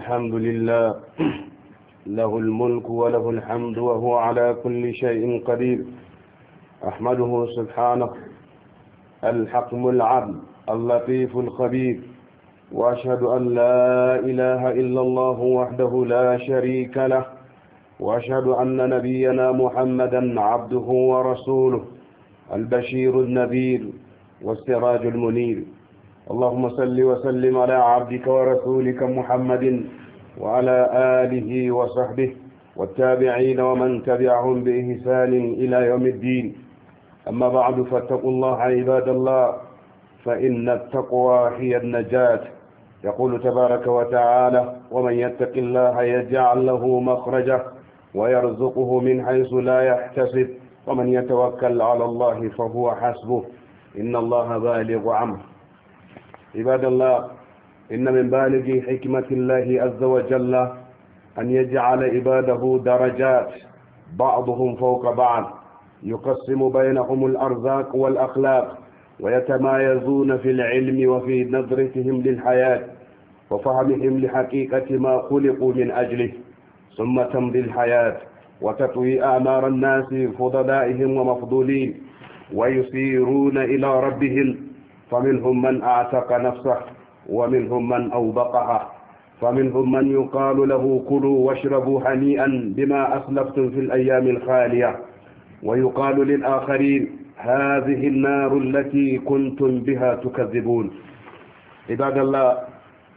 الحمد لله له الملك وله الحمد وهو على كل شيء قدير أحمده سبحانه الحكم العدل اللطيف الخبير وأشهد أن لا إله إلا الله وحده لا شريك له وأشهد أن نبينا محمدا عبده ورسوله البشير النذير والسراج المنير اللهم صل وسلم على عبدك ورسولك محمد وعلى آله وصحبه والتابعين ومن تبعهم بإحسان إلى يوم الدين أما بعد فاتقوا الله عباد الله فإن التقوى هي النجاة يقول تبارك وتعالى ومن يتق الله يجعل له مخرجه ويرزقه من حيث لا يحتسب ومن يتوكل على الله فهو حسبه إن الله بالغ عمره عباد الله إن من بالغ حكمة الله عز وجل أن يجعل عباده درجات بعضهم فوق بعض يقسم بينهم الأرزاق والأخلاق ويتمايزون في العلم وفي نظرتهم للحياة وفهمهم لحقيقة ما خلقوا من أجله ثم تمضي الحياة وتطوي آمار الناس فضلائهم ومفضولين ويصيرون إلى ربهم فمنهم من أعتق نفسه ومنهم من أوبقها فمنهم من يقال له كلوا واشربوا هنيئا بما أسلفتم في الأيام الخالية ويقال للآخرين هذه النار التي كنتم بها تكذبون عباد الله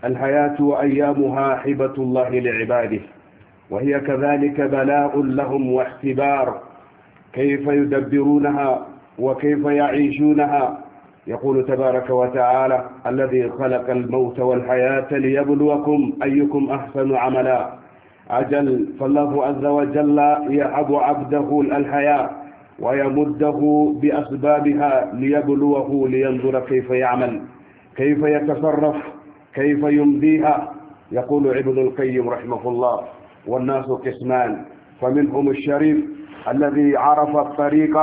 الحياة وأيامها حبة الله لعباده وهي كذلك بلاء لهم واختبار كيف يدبرونها وكيف يعيشونها يقول تبارك وتعالى الذي خلق الموت والحياة ليبلوكم أيكم أحسن عملا أجل فالله عز وجل يعب عبده الحياة ويمده بأسبابها ليبلوه لينظر كيف يعمل كيف يتصرف كيف يمديها يقول ابن القيم رحمه الله والناس قسمان فمنهم الشريف الذي عرف الطريق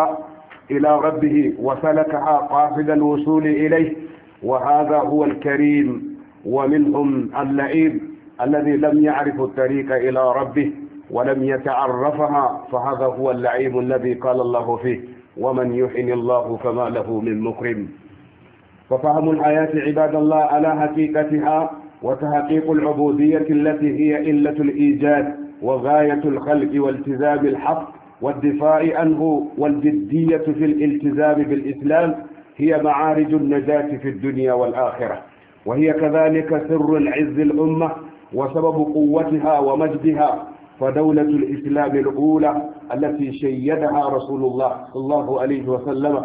إلى ربه وسلكها قاصد الوصول إليه وهذا هو الكريم ومنهم اللئيم الذي لم يعرف الطريق إلى ربه ولم يتعرفها فهذا هو اللعيب الذي قال الله فيه ومن يحن الله فما له من مكرم ففهم الحياة عباد الله على حقيقتها وتحقيق العبودية التي هي إلة الإيجاد وغاية الخلق والتزام الحق والدفاع عنه والجدية في الالتزام بالإسلام هي معارج النجاة في الدنيا والآخرة وهي كذلك سر العز الأمة وسبب قوتها ومجدها فدولة الإسلام الأولى التي شيدها رسول الله صلى الله عليه وسلم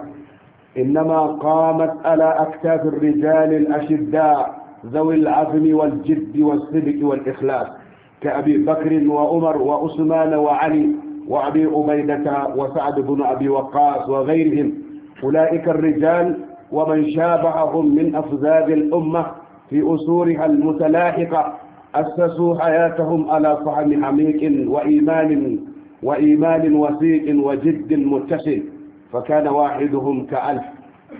إنما قامت على أكتاف الرجال الأشداء ذوي العزم والجد والصدق والإخلاص كأبي بكر وعمر وعثمان وعلي وأبي عبيدة وسعد بن أبي وقاص وغيرهم أولئك الرجال ومن شابههم من افذاذ الأمة في أسورها المتلاحقة أسسوا حياتهم على صحن عميق وإيمان وإيمان وثيق وجد متسد فكان واحدهم كألف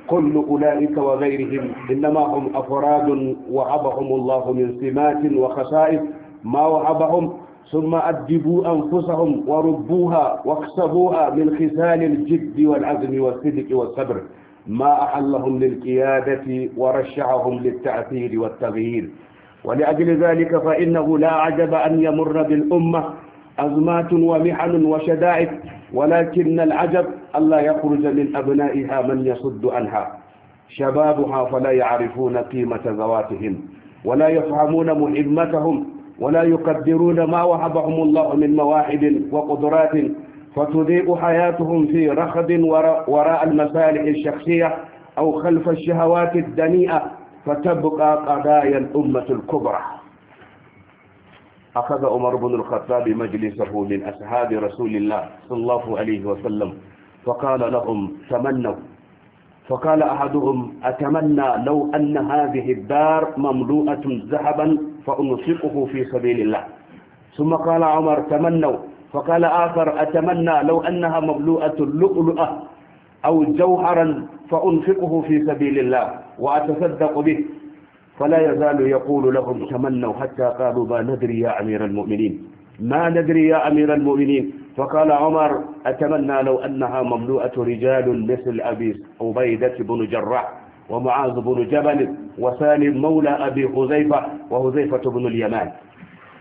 كل أولئك وغيرهم إنما هم أفراد وهبهم الله من سمات وخصائص ما وهبهم ثم أدبوا أنفسهم وربوها واكسبوها من خسال الجد والعزم والصدق والصبر ما أحلهم للقيادة ورشعهم للتعثير والتغيير ولأجل ذلك فإنه لا عجب أن يمر بالأمة أزمات ومحن وشدائد ولكن العجب ألا يخرج من أبنائها من يصد عنها شبابها فلا يعرفون قيمة ذواتهم ولا يفهمون مهمتهم ولا يقدرون ما وهبهم الله من مواهب وقدرات فتضيء حياتهم في رخد وراء المصالح الشخصية أو خلف الشهوات الدنيئة فتبقى قضايا الأمة الكبرى أخذ عمر بن الخطاب مجلسه من أصحاب رسول الله صلى الله عليه وسلم فقال لهم تمنوا فقال أحدهم أتمنى لو أن هذه الدار مملوءة ذهبا فأنفقه في سبيل الله ثم قال عمر تمنوا فقال آخر أتمنى لو أنها مبلوءة لؤلؤة أو جوهرا فأنفقه في سبيل الله وأتصدق به فلا يزال يقول لهم تمنوا حتى قالوا ما ندري يا أمير المؤمنين ما ندري يا أمير المؤمنين فقال عمر أتمنى لو أنها مملوءة رجال مثل أبي عبيدة بن جراح ومعاذ بن جبل وسالم مولى أبي حذيفة وهذيفة بن اليمان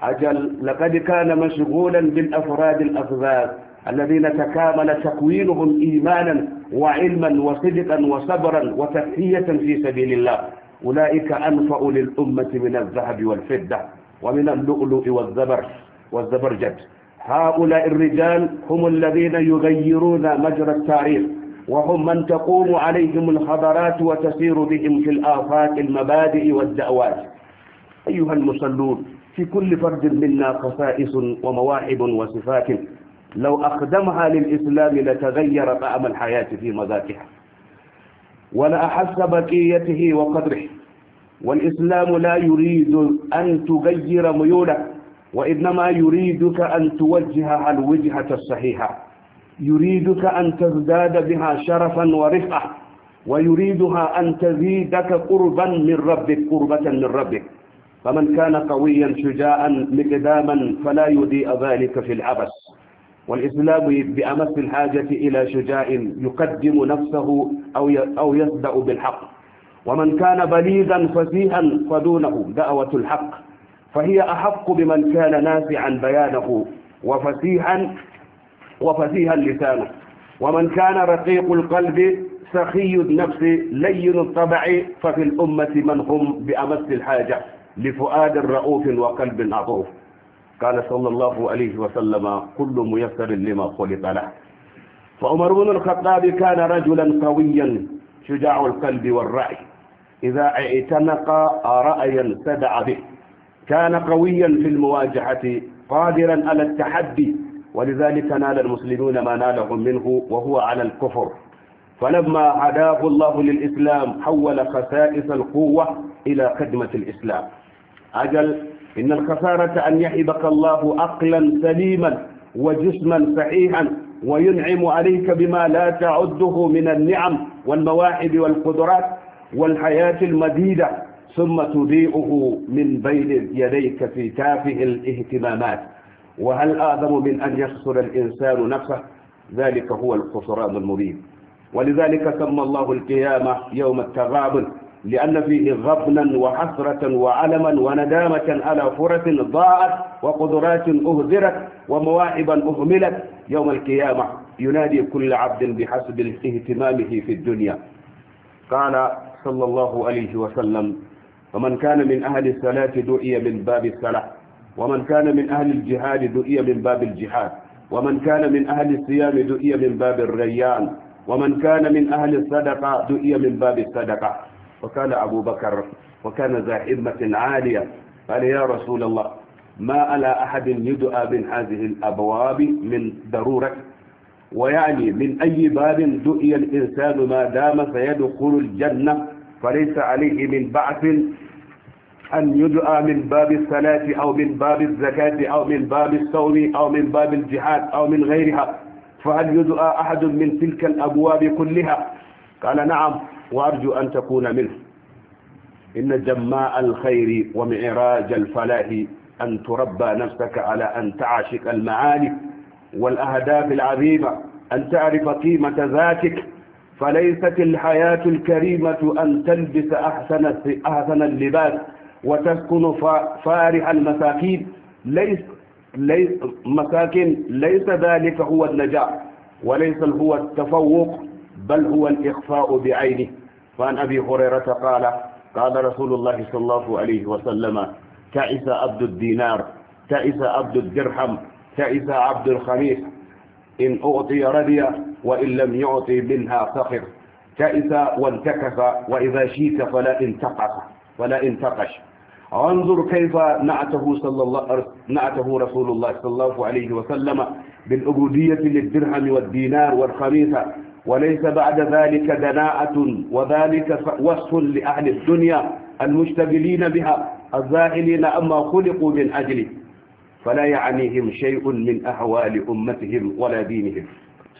أجل لقد كان مشغولا بالأفراد الأفذاذ الذين تكامل تكوينهم إيمانا وعلما وصدقا وصبرا وتفهية في سبيل الله أولئك أنفأ للأمة من الذهب والفضة ومن اللؤلؤ والزبر والزبرجد هؤلاء الرجال هم الذين يغيرون مجرى التاريخ وهم من تقوم عليهم الخبرات وتسير بهم في الآفاق المبادئ والدعوات أيها المصلون في كل فرد منا خصائص ومواهب وصفات لو أخدمها للإسلام لتغير طعم الحياة في مذاقها ولأحس بكيته وقدره والإسلام لا يريد أن تغير ميولك وإنما يريدك أن توجهها الوجهة الصحيحة يريدك أن تزداد بها شرفا ورفعة ويريدها أن تزيدك قربا من ربك قربة من ربك فمن كان قويا شجاعا مقداما فلا يضيء ذلك في العبث والإسلام بأمس الحاجة إلى شجاع يقدم نفسه أو أو يصدأ بالحق ومن كان بليغا فسيها فدونه دعوة الحق فهي أحق بمن كان نافعا بيانه وفسيحا وفسيها اللسان ومن كان رقيق القلب سخي النفس لين الطبع ففي الأمة من هم بأمس الحاجة لفؤاد رؤوف وقلب عطوف قال صلى الله عليه وسلم كل ميسر لما خلق له فعمر بن الخطاب كان رجلا قويا شجاع القلب والرأي إذا اعتنق رأيا سدع به كان قويا في المواجهة قادرا على التحدي ولذلك نال المسلمون ما نالهم منه وهو على الكفر فلما عداه الله للإسلام حول خسائس القوة إلى خدمة الإسلام أجل إن الخسارة أن يحبك الله عقلا سليما وجسما صحيحا وينعم عليك بما لا تعده من النعم والمواهب والقدرات والحياة المديدة ثم تضيئه من بين يديك في تافه الاهتمامات وهل أعظم من أن يخسر الإنسان نفسه ذلك هو الخسران المبين ولذلك سمى الله القيامة يوم التغابن لأن فيه غبنا وحسرة وعلما وندامة على فرص ضاعت وقدرات أهدرت ومواهبا أهملت يوم القيامة ينادي كل عبد بحسب اهتمامه في الدنيا قال صلى الله عليه وسلم ومن كان من أهل الصلاة دعي من باب الصلاة ومن كان من أهل الجهاد دؤي من باب الجهاد ومن كان من أهل الصيام دؤي من باب الريان ومن كان من أهل الصدقة دؤي من باب الصدقة وكان أبو بكر وكان ذا حمة عالية قال يا رسول الله ما على أحد يدعى من هذه الأبواب من ضرورة ويعني من أي باب دؤي الإنسان ما دام سيدخل الجنة فليس عليه من بعث أن يدعى من باب الصلاة أو من باب الزكاة أو من باب الصوم أو من باب الجهاد أو من غيرها فهل يدعى أحد من تلك الأبواب كلها قال نعم وأرجو أن تكون منه إن جماء الخير ومعراج الفلاح أن تربى نفسك على أن تعشق المعاني والأهداف العظيمة أن تعرف قيمة ذاتك فليست الحياة الكريمة أن تلبس أحسن, أحسن اللباس وتسكن فارح المساكين ليس ليس مساكن ليس ذلك هو النجاح وليس هو التفوق بل هو الإخفاء بعينه فان أبي هريرة قال قال رسول الله صلى الله عليه وسلم تعس عبد الدينار تعس عبد الدرهم تعس عبد الخميس إن أعطي رضي وإن لم يعطي منها فخر تعس وانتكف وإذا شيت فلا انتقص فلا انتقش انظر كيف نعته صلى الله نعته رسول الله صلى الله عليه وسلم بالعبودية للدرهم والدينار والخميسة وليس بعد ذلك دناءة وذلك وصف لأهل الدنيا المشتغلين بها الزائلين أما خلقوا من أجله فلا يعنيهم شيء من أحوال أمتهم ولا دينهم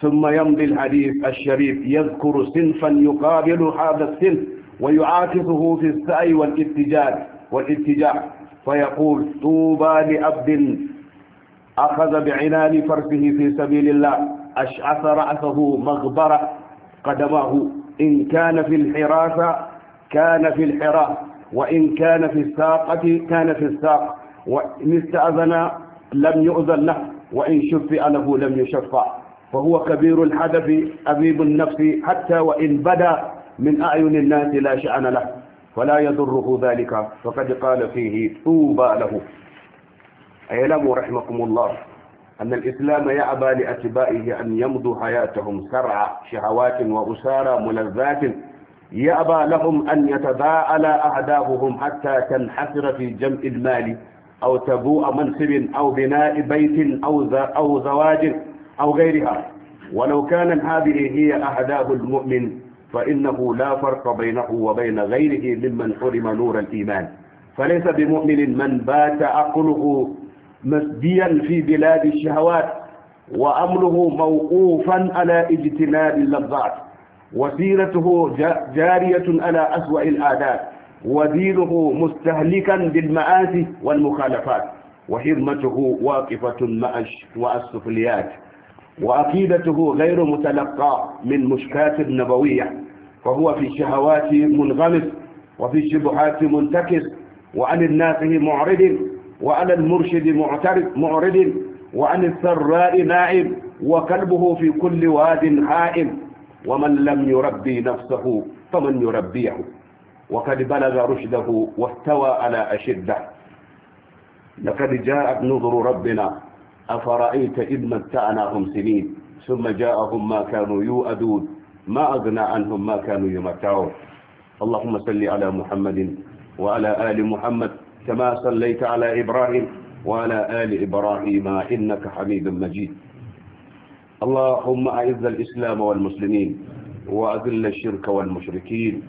ثم يمضي الحديث الشريف يذكر صنفا يقابل هذا الصنف ويعاكسه في السعي والاتجاه والالتجاء فيقول طوبى لعبد أخذ بعنان فرسه في سبيل الله أشعث رأسه مغبرة قدماه إن كان في الحراسة كان في الحراس وإن كان في الساقة كان في الساق وإن استأذن لم يؤذن له وإن شفع له لم يشفع فهو كبير الحدث أبيب النفس حتى وإن بدا من أعين الناس لا شأن له فلا يضره ذلك وقد قال فيه طوبى له اعلموا رحمكم الله أن الإسلام يأبى لأتبائه أن يمضوا حياتهم سرع شهوات وأسارى ملذات يأبى لهم أن يتباءل أهدافهم حتى تنحسر في جمع المال أو تبوء منصب أو بناء بيت أو أو زواج أو غيرها ولو كان هذه هي أهداف المؤمن فإنه لا فرق بينه وبين غيره ممن حرم نور الإيمان فليس بمؤمن من بات عقله مسديا في بلاد الشهوات وأمره موقوفا على اجتناب اللذات وسيرته جارية على أسوأ العادات ودينه مستهلكا بالمآسي والمخالفات وهمته واقفة مع السفليات وعقيدته غير متلقى من مشكات نبوية فهو في شهوات منغمس وفي شبهات منتكس وعن الناس معرض وعن المرشد معرض وعن السراء نائب وكلبه في كل واد هائم ومن لم يربي نفسه فمن يربيه وقد بلغ رشده واستوى على أشده لقد جاءت نظر ربنا أفرأيت إذ متعناهم سنين ثم جاءهم ما كانوا يؤدون ما أغنى عنهم ما كانوا يمتعون اللهم صل على محمد وعلى آل محمد كما صليت على إبراهيم وعلى آل إبراهيم إنك حميد مجيد اللهم أعز الإسلام والمسلمين وأذل الشرك والمشركين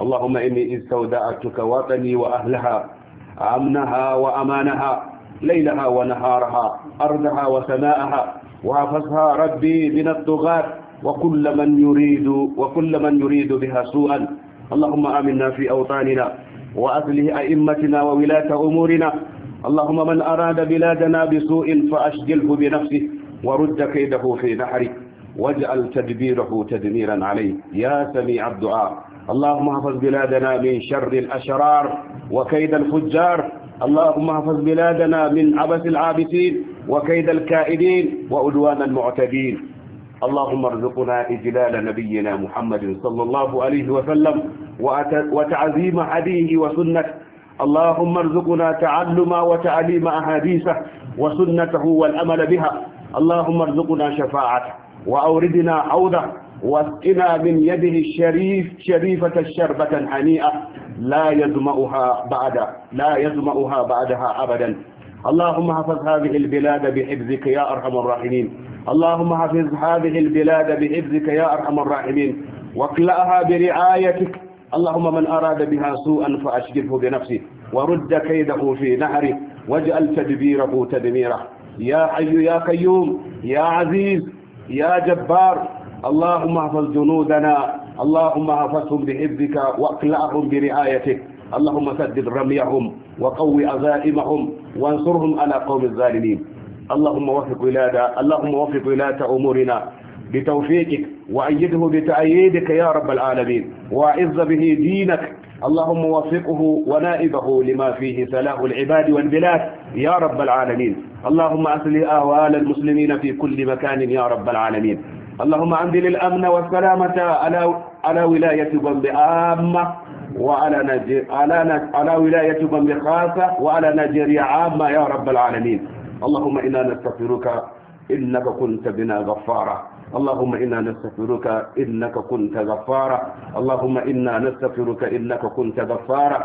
اللهم إني استودعتك وطني وأهلها أمنها وأمانها ليلها ونهارها أرضها وسماءها وحفظها ربي من الطغاة وكل من يريد وكل من يريد بها سوءا اللهم آمنا في أوطاننا وأهل أئمتنا وولاة أمورنا اللهم من أراد بلادنا بسوء فأشجله بنفسه ورد كيده في نحره واجعل تدبيره تدميرا عليه يا سميع الدعاء اللهم احفظ بلادنا من شر الأشرار وكيد الفجار اللهم احفظ بلادنا من عبث العابثين وكيد الكائدين وعدوان المعتدين اللهم ارزقنا إجلال نبينا محمد صلى الله عليه وسلم وتعظيم حديه وسنته اللهم ارزقنا تعلم وتعليم أحاديثه وسنته والأمل بها اللهم ارزقنا شفاعته وأوردنا عوده واسقنا من يده الشريف شريفة شربة هنيئة لا يزمأها بعد لا يزمأها بعدها أبدا اللهم حفظ هذه البلاد بحفظك يا أرحم الراحمين اللهم حفظ هذه البلاد بحفظك يا أرحم الراحمين واكلأها برعايتك اللهم من أراد بها سوءا فأشغله بنفسه ورد كيده في نهره واجعل تدبيره تدميره يا حي يا قيوم يا عزيز يا جبار اللهم احفظ جنودنا اللهم احفظهم بحفظك واقلعهم برعايتك اللهم سدد رميهم وقو عزائمهم وانصرهم على قوم الظالمين اللهم وفق ولاة اللهم وفق ولاة امورنا بتوفيقك وأيده بتأييدك يا رب العالمين وأعز به دينك اللهم وفقه ونائبه لما فيه صلاح العباد والبلاد يا رب العالمين اللهم أصلح أهوال المسلمين في كل مكان يا رب العالمين اللهم أنزل الأمن والسلامة على على ولاية بمب عامة وعلى نجر على على ولاية بمب خاصة وعلى نجر عامة يا رب العالمين اللهم إنا نستغفرك إنك كنت بنا غفارا اللهم إنا نستغفرك إنك كنت غفارا اللهم إنا نستغفرك إنك كنت غفارا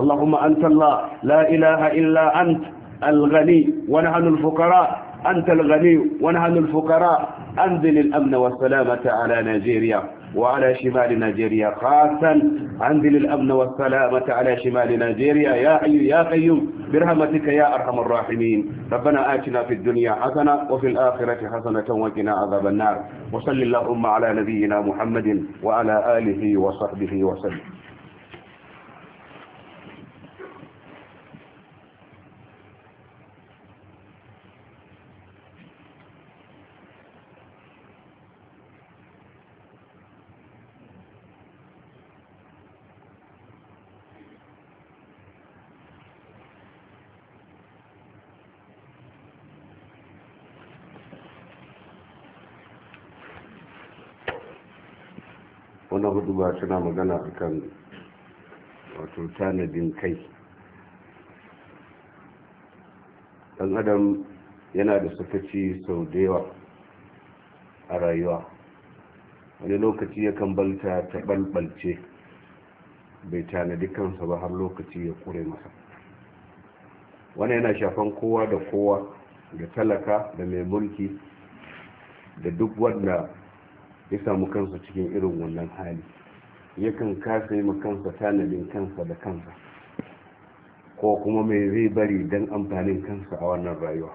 اللهم أنت الله لا إله إلا أنت الغني ونحن الفقراء أنت الغني ونحن الفقراء أنزل الأمن والسلامة على نيجيريا وعلى شمال نيجيريا خاصا أنزل الأمن والسلامة على شمال نيجيريا يا حي يا قيوم برحمتك يا أرحم الراحمين ربنا آتنا في الدنيا حسنة وفي الآخرة حسنة وقنا عذاب النار وصل اللهم على نبينا محمد وعلى آله وصحبه وسلم duba suna magana a kan wato tanadin kai ɗan adam yana da sakaci sau da yawa a rayuwa wani lokaci yakan balta ta balbalce bai tanadi kansa ba har lokaci ya kure masa wani yana shafan kowa da kowa da talaka da mai mulki da duk wanda ya samu kansa cikin irin wannan hali yakan kasa yi kansa tanadin kansa da kansa ko kuma mai zai bari don amfanin kansa a wannan rayuwa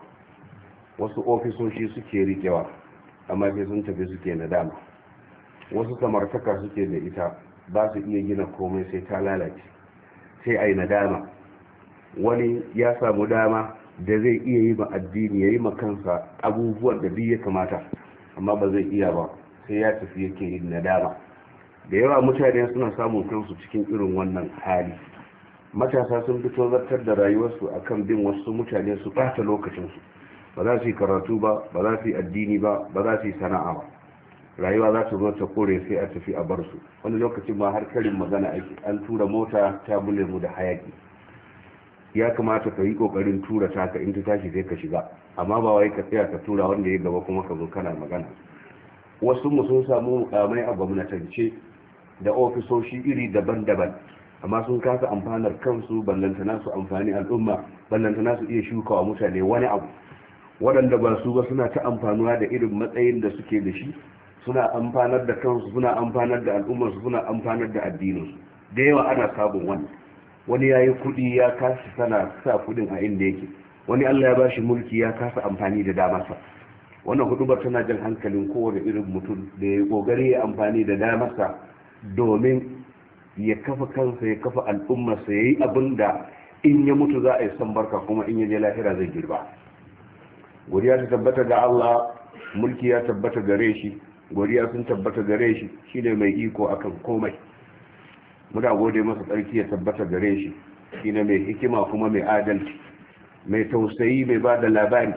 wasu ofisoshi suke rikewa amma sai sun tafi suke nadama wasu samartaka suke da ita ba su iya gina komai sai ta lalace sai a yi nadama wani ya samu dama da zai iya yi ma addini ya yi ma kansa abubuwan da biyu ya kamata amma ba zai iya ba sai ya tafi yake yin nadama da yawa mutane suna samun kansu cikin irin wannan hali matasa sun fito zartar da rayuwarsu a kan bin wasu mutane su ɓata lokacinsu ba za su yi karatu ba ba za su yi addini ba ba za su yi sana'a ba rayuwa za su zo ta kore sai a tafi a bar su wani lokacin ba har karin magana ake an tura mota ta bule mu da hayaki ya kamata ka yi kokarin tura ta ka in ta tashi sai ka shiga amma ba wai ka tsaya ka tura wanda ya gaba kuma ka zo kana magana wasu mu sun samu mukamai a gwamnatance da ofisoshi iri daban-daban amma sun kasa amfanar kansu ballantana su amfani al'umma ballantana su iya shukawa mutane wani abu waɗanda ba su ba suna ta amfanuwa da irin matsayin da suke da shi suna amfanar da kansu suna amfanar da al'ummarsu suna amfanar da addininsu da yawa ana sabon wani wani ya yi kuɗi ya kasa sana sa kuɗin a inda yake wani allah ya ba shi mulki ya kasa amfani da damarsa wannan hudubar tana jan hankalin kowane irin mutum da ya ƙoƙari ya amfani da damarsa domin ya kafa kansa ya kafa al'ummarsa ya yi abin da in ya mutu za a yi san barka kuma in ya je lahira zai girba godiya ta tabbata ga Allah mulki ya tabbata gare shi godiya sun tabbata gare shi shine mai iko akan komai muna gode masa tsarki ya tabbata gare shi shine mai hikima kuma mai adalci mai tausayi mai ba da labari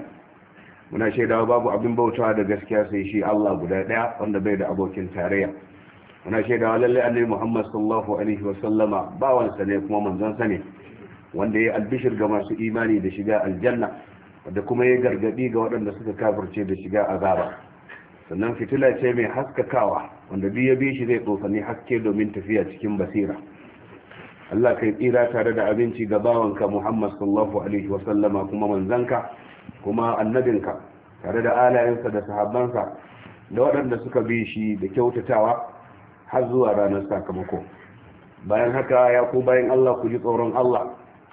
muna shaidawa babu abin bautawa da gaskiya sai shi Allah guda daya wanda bai da abokin tarayya muna wa lallai annabi Muhammad sallallahu alaihi wa sallama ba wansa ne kuma manzon sa ne wanda ya albishir ga masu imani da shiga aljanna da kuma ya gargadi ga waɗanda suka kafirce da shiga azaba sannan fitila ce mai haskakawa wanda duk ya bi shi zai tsofani haske domin tafiya cikin basira Allah kai tsira tare da abinci ga bawanka Muhammad sallallahu alaihi wa sallama kuma manzanka kuma annabinka tare da alayensa da sahabbansa da waɗanda suka bi shi da kyautatawa har zuwa ranar sakamako bayan haka ya ku bayan Allah ku ji tsoron Allah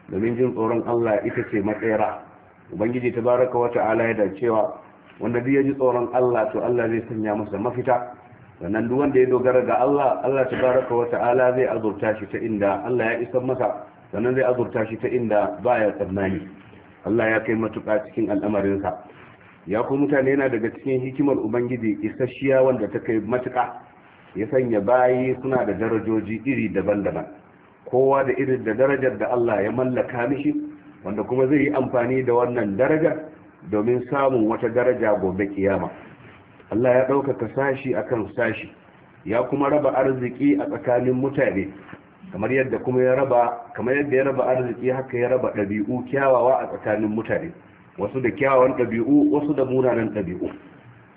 domin jin tsoron Allah ita ce matsayara ubangiji ta wa ta'ala ya cewa wanda zai ji tsoron Allah to Allah zai sanya masa mafita sannan duk wanda ya dogara ga Allah Allah ta baraka wa ala zai azurta shi ta inda Allah ya isar masa sannan zai azurta shi ta inda ya tsammani Allah ya kai matuƙa cikin al'amarinsa ya ku mutane yana daga cikin hikimar ubangiji isasshiya wanda ta kai matuƙa ya sanya bayi suna da darajoji iri daban-daban kowa da irin da darajar da Allah ya mallaka mishi wanda kuma zai yi amfani da wannan daraja domin samun wata daraja gobe kiyama Allah ya ɗaukaka sashi akan sashi ya kuma raba arziki a tsakanin mutane kamar yadda kuma ya raba kamar yadda ya raba arziki haka ya raba ɗabi'u kyawawa a tsakanin mutane wasu da kyawawan ɗabi'u wasu da munanan ɗabi'u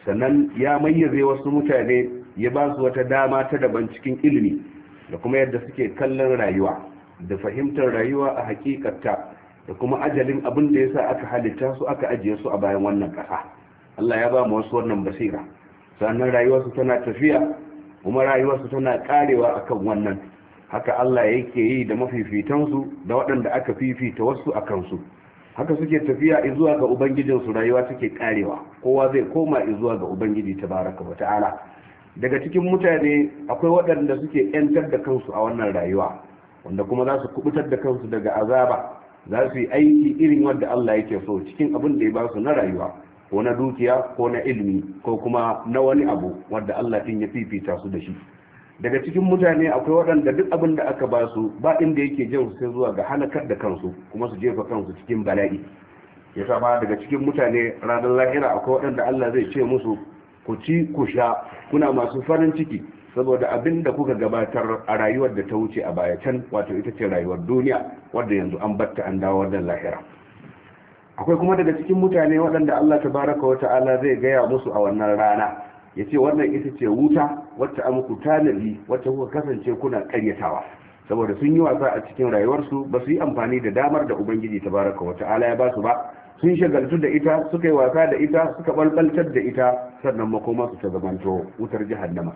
sannan ya mayyaze wasu mutane ya ba su wata dama ta daban cikin ilimi da kuma yadda suke kallon rayuwa da fahimtar rayuwa a hakikarta da kuma ajalin abin da yasa aka halitta su aka ajiye su a bayan wannan kasa. Allah ya ba mu wasu wannan basira sannan rayuwarsu tana tafiya kuma rayuwarsu tana karewa akan wannan haka Allah yake yi da mafifitansu da waɗanda aka fifita wasu a kansu haka suke tafiya zuwa ga ubangijinsu rayuwa suke karewa kowa zai koma zuwa ga ubangiji tabaraka wa ta'ala daga cikin mutane akwai waɗanda suke 'yantar da kansu a wannan rayuwa wanda kuma za su kubutar da kansu daga azaba za su yi aiki irin wanda Allah yake so cikin abin da ya ba su na rayuwa ko na dukiya ko na ilimi ko kuma na wani abu wanda Allah din ya fifita su da shi daga cikin mutane akwai waɗanda duk abin da aka ba su ba inda yake jan su sai zuwa ga halakar da kansu kuma su jefa kansu cikin bala'i ya ba daga cikin mutane ranar lahira akwai waɗanda Allah zai ce musu ku ci ku sha kuna masu farin ciki saboda abin da kuka gabatar a rayuwar da ta wuce a baya can wato ita ce rayuwar duniya wadda yanzu an batta an dawo da lahira akwai kuma daga cikin mutane waɗanda Allah tabaraka wa ta'ala zai gaya musu a wannan rana ya ce wannan ita ce wuta wacce a muku tanadi wacce kuka kasance kuna karyatawa saboda sun yi wasa a cikin rayuwarsu ba su yi amfani da damar da ubangiji tabaraka wa ta'ala ya ba su ba sun shagaltu da ita suka yi wasa da ita suka balbaltar da ita sannan makoma su ta zamanto wutar jahannama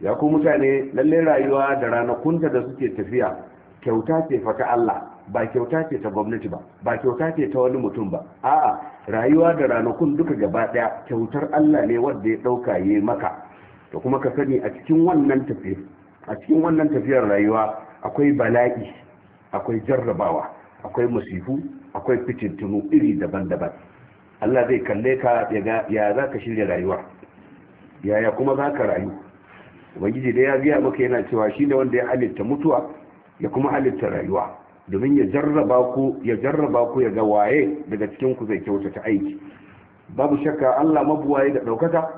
ya ku mutane lalle rayuwa da ranakunta da suke tafiya kyauta ce fa ta Allah ba kyauta ce ta gwamnati ba ba kyauta ce ta wani mutum ba a'a rayuwa da ranakun duka gaba daya kyautar Allah ne wanda ya dauka ya maka to kuma ka sani a cikin wannan tafiya a cikin wannan tafiyar rayuwa akwai bala'i akwai jarrabawa akwai musifu akwai fitintunu iri daban-daban Allah zai kalle ka ya za ka shirya rayuwa yaya kuma za ka rayu ubangiji da ya biya maka yana cewa shi ne wanda ya halitta mutuwa ya kuma halitta rayuwa domin ya jarraba ku ya jarraba ku ya ga waye daga cikin ku zai ta aiki babu shakka Allah mabuwaye da ɗaukaka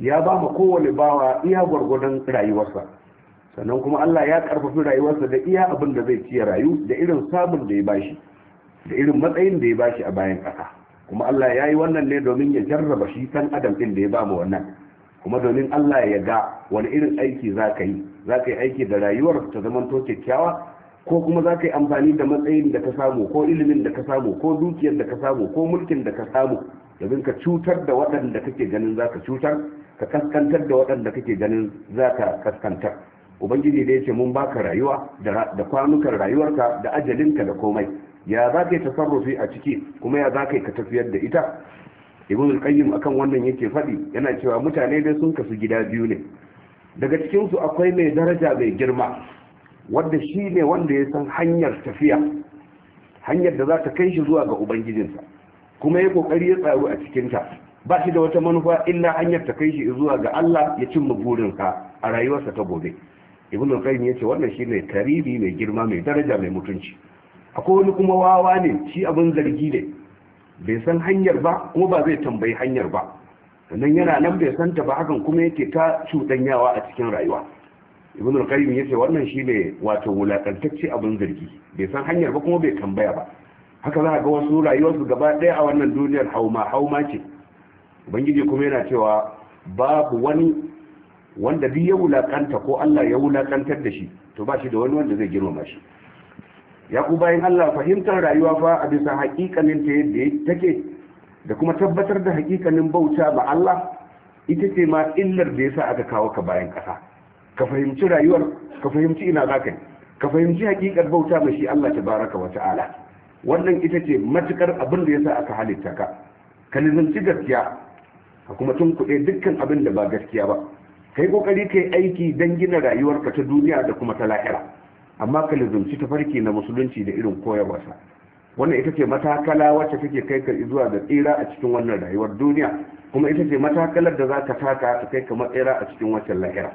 ya ba mu kowane bawa iya gwargwadon rayuwarsa sannan kuma Allah ya karfafi rayuwarsa da iya abin da zai ciye rayu da irin samun da ya bashi da irin matsayin da ya bashi a bayan ƙasa kuma Allah ya yi wannan ne domin ya jarraba shi san adam ɗin da ya ba mu wannan kuma domin Allah ya ga wani irin aiki za ka yi za ka yi aiki da rayuwar ta zaman to kyakkyawa ko kuma za ka yi amfani da matsayin da ka samu ko ilimin da ka samu ko dukiyar da ka samu ko mulkin da ka samu domin ka cutar da waɗanda kake ganin za ka cutar ka kaskantar da waɗanda kake ganin za ka kaskantar ubangiji da yace mun baka rayuwa da kwanukan rayuwarka da ajalinka da komai ya za ka yi tasarrufi a ciki kuma ya za ka yi ka tafiyar da ita ibn al-qayyim akan wannan yake faɗi yana cewa mutane dai sun kasu gida biyu ne daga cikinsu akwai mai daraja mai girma wanda shi ne wanda ya san hanyar tafiya hanyar da za ta kai shi zuwa ga ubangijinsa kuma ya kokari ya tsaru a cikinta ba shi da wata manufa illa hanyar ta kai shi zuwa ga Allah ya cimma burinsa a rayuwarsa ta gobe ibn al-qayyim yace wannan shine tarihi mai girma mai daraja mai mutunci akwai wani kuma wawa ne shi abin zargi ne bai san hanyar ba kuma ba zai tambayi hanyar ba sannan yana nan bai santa ba hakan kuma yake ta cuɗanyawa a cikin rayuwa ibn al-qayyim yace wannan shine wato wulakantacce abin zargi bai san hanyar ba kuma bai tambaya ba haka za ga wasu rayuwar su gaba ɗaya a wannan duniyar hauma hauma ce ubangiji kuma yana cewa babu wani wanda duk ya wulakanta ko Allah ya wulakantar da shi to ba shi da wani wanda zai girmama shi ya ku bayan Allah fahimtar rayuwa fa a bisa haƙiƙanin ta yadda take da kuma tabbatar da haƙiƙanin bauta ba Allah ita ce ma illar da yasa aka kawo ka bayan ƙasa. ka fahimci rayuwar ka fahimci ina za ka fahimci haƙiƙar bauta ma shi Allah tabaraka wa ta'ala wannan ita ce matukar abin da yasa aka halitta ka ka nizanci gaskiya ka kuma tunkuɗe dukkan abin da ba gaskiya ba kai kokari yi aiki don gina rayuwarka ta duniya da kuma ta lahira amma ka lizumci farki na musulunci da irin koyarwarsa wannan ita ce matakala wacce take kai ka zuwa da tsira a cikin wannan rayuwar duniya kuma ita ce matakalar da za ka taka ka kai ka matsira a cikin wancan lahira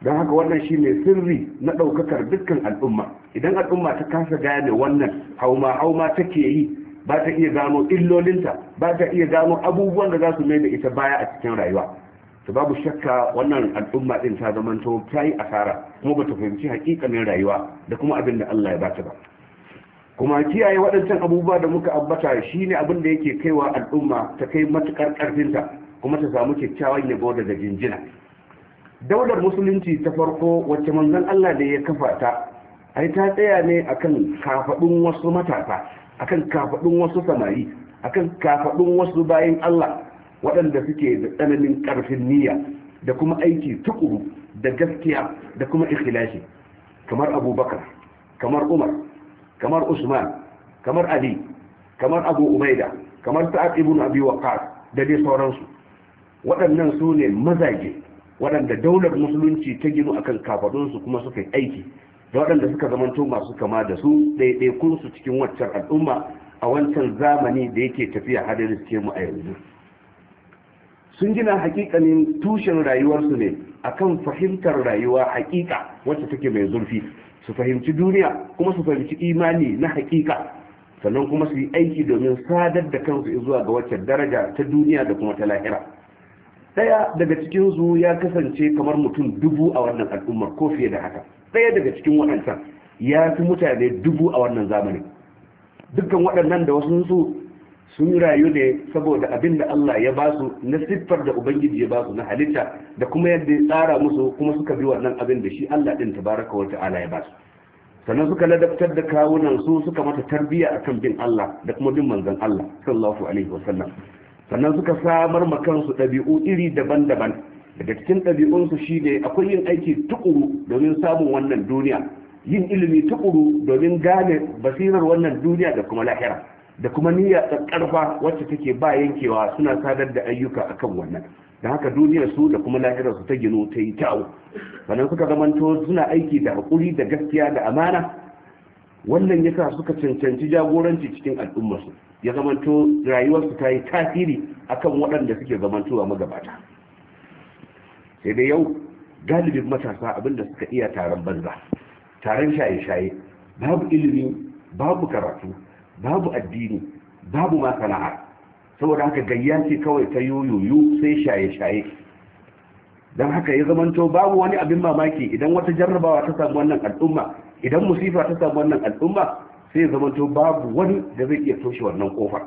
don haka wannan shi ne sirri na ɗaukakar dukkan al'umma idan al'umma ta kasa gane wannan hauma hauma take yi ba ta iya gano illolinta ba ta iya gano abubuwan da za su mai da ita baya a cikin rayuwa to babu shakka wannan al'umma din ta zamanto ta yi asara kuma bata fahimci hakikanin rayuwa da kuma abin da Allah ya bata ba kuma kiyaye waɗancan abubuwa da muka ambata shine abin da yake kaiwa al'umma ta kai matukar ƙarfinta kuma ta samu kyakkyawan yabo daga jinjina daular musulunci ta farko wacce manzon Allah da ya kafa ta ai ta tsaya ne akan kafadun wasu matasa akan kafadun wasu samari akan kafadun wasu bayin Allah waɗanda suke da tsananin ƙarfin niyya da kuma aiki tukuru da gaskiya da kuma ikhlashi kamar abubakar kamar umar kamar usman kamar ali kamar abu umaida kamar sa'ad ibn abi waqas da dai sauransu waɗannan su ne mazaje waɗanda daular musulunci ta gino akan kafadunsu kuma suka yi aiki da waɗanda suka zamanto masu kama da su ɗaiɗaikunsu cikin waccan al'umma a wancan zamani da yake tafiya hadarin mu a yanzu sun gina hakikanin tushen rayuwarsu ne akan fahimtar rayuwa hakika wacce take mai zurfi su fahimci duniya kuma su fahimci imani na hakika sannan kuma su yi aiki domin sadar da kansu zuwa ga wacce daraja ta duniya da kuma ta lahira daya daga cikin su ya kasance kamar mutum dubu a wannan al'ummar ko fiye da haka daya daga cikin waɗancan ya fi mutane dubu a wannan zamanin dukkan waɗannan da wasu su sun rayu ne saboda abin da Allah ya basu na siffar da Ubangiji ya basu na halitta da kuma yadda ya tsara musu kuma suka bi wannan abin da shi Allah din baraka wata ala ya basu sannan suka ladabtar da kawunan su suka mata tarbiyya akan bin Allah da kuma bin manzan Allah sallallahu alaihi wa sallam sannan suka samar ma kansu ɗabi'u iri daban-daban daga cikin ɗabi'unsu shi ne akwai yin aiki tukuru domin samun wannan duniya yin ilimi tukuru domin gane basirar wannan duniya da kuma lahira da kuma niyya karfa wacce take ba yankewa suna sadar da ayyuka akan wannan da haka duniyar su da kuma lafiyar su ta gino ta yi kyau sannan suka to suna aiki da hakuri da gaskiya da amana wannan yasa suka cancanci jagoranci cikin al'ummarsu ya zamanto rayuwarsu ta yi tasiri akan waɗanda suke zamantowa magabata sai da yau galibin matasa abinda suka iya taron banza taron shaye-shaye babu ilimi babu karatu babu addini babu ma sana'a saboda haka gayyanci kawai ta yoyoyo sai shaye-shaye don haka ya zamanto babu wani abin mamaki idan wata jarrabawa ta samu wannan al'umma idan musifa ta samu wannan al'umma sai ya zamanto babu wani da zai iya toshe wannan kofar